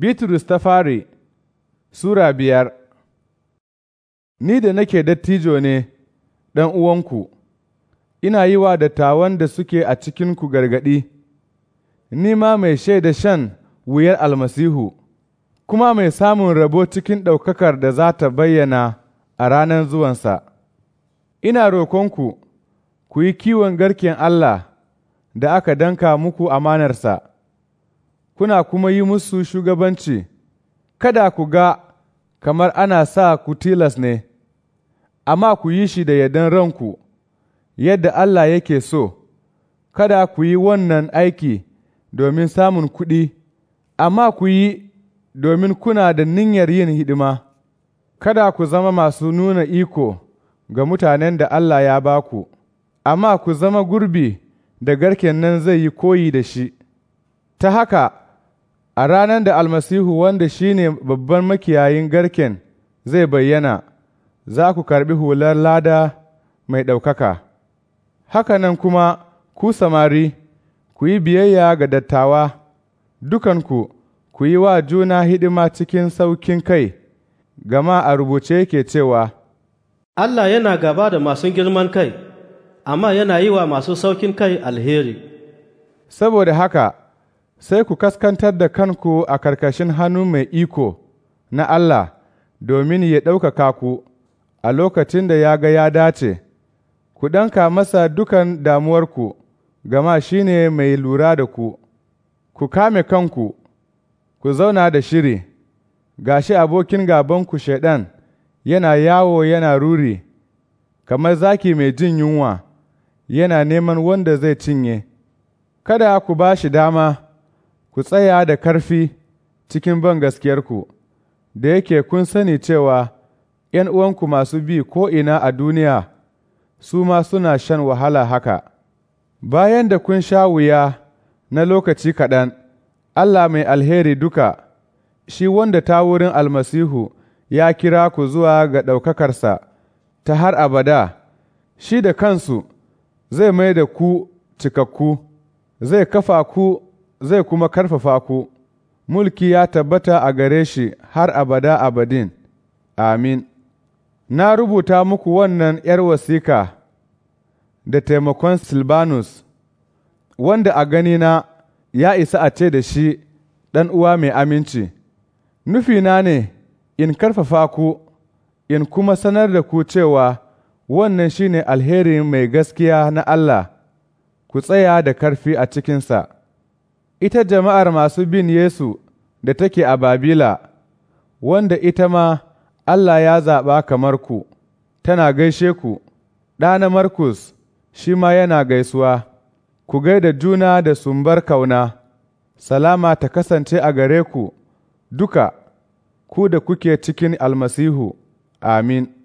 Bitrus ta fari Sura biyar Ni da nake dattijo ne, ɗan uwanku, ina yi wa dattawan da suke a cikinku gargaɗi, ni ma mai shaida shan wuyar almasihu, kuma mai samun rabo cikin ɗaukakar da za ta bayyana a ranar zuwansa. Ina rokonku, ku yi kiwon garken Allah da aka danka muku amanarsa. kuna kuma yi musu shugabanci, kada ku ga kamar ana sa ku tilas ne, amma ku yi shi da yadan ranku, yadda Allah yake so, kada ku yi wannan aiki domin samun kuɗi, amma ku yi domin kuna da niyyar yin hidima, kada ku zama masu nuna iko ga mutanen da Allah ya ba ku, amma ku zama gurbi da garken nan zai yi koyi da shi, ta haka a ranar da almasihu wanda shi ne babban makiyayin garken zai bayyana za ku karbi hular lada mai ɗaukaka hakanan kuma ku samari ku yi biyayya ga dattawa dukanku ku yi wa juna hidima cikin saukin kai gama a rubuce yake cewa Allah yana gaba da masu girman kai amma yana yi wa masu saukin kai alheri saboda haka sai ku kaskantar da kanku a karkashin hannu mai iko na Allah domin ya ɗaukaka ku a lokacin da ya ga ya dace, ku ɗanka masa dukan damuwarku, gama shi ne mai lura da ku, ku kame kanku, ku zauna da shiri, gashi abokin gabanku shaidan yana yawo yana ruri, kamar zaki mai jin yunwa, yana neman wanda zai cinye, kada ku ba shi dama. ku tsaya da ƙarfi cikin ban gaskiyarku da yake kun sani cewa ’yan uwanku masu bi ko'ina a duniya su ma suna shan wahala haka. Bayan da kun sha wuya na lokaci kaɗan, Allah mai alheri duka, shi wanda ta wurin almasihu ya kira ku zuwa ga ɗaukakarsa ta har abada, shi da kansu zai mai da ku cikakku, zai kafa ku zai kuma karfafa ku, mulki ya tabbata a gare shi har abada abadin, amin. Na rubuta muku wannan ’yar wasika da taimakon Silbanus, wanda a ganina ya isa a ce da shi ɗan uwa mai aminci, nufina ne in karfafa ku, in kuma sanar da ku cewa wannan shi ne alherin mai gaskiya na Allah, ku tsaya da karfi a cikinsa. ita jama'ar masu bin Yesu da take a Babila, wanda ita ma Allah ya zaɓa kamar ku, tana gaishe ku, ɗana Markus shi ma yana gaisuwa, ku gai da juna da sumbar kauna, salama ta kasance a gare ku duka, ku da kuke cikin almasihu, amin.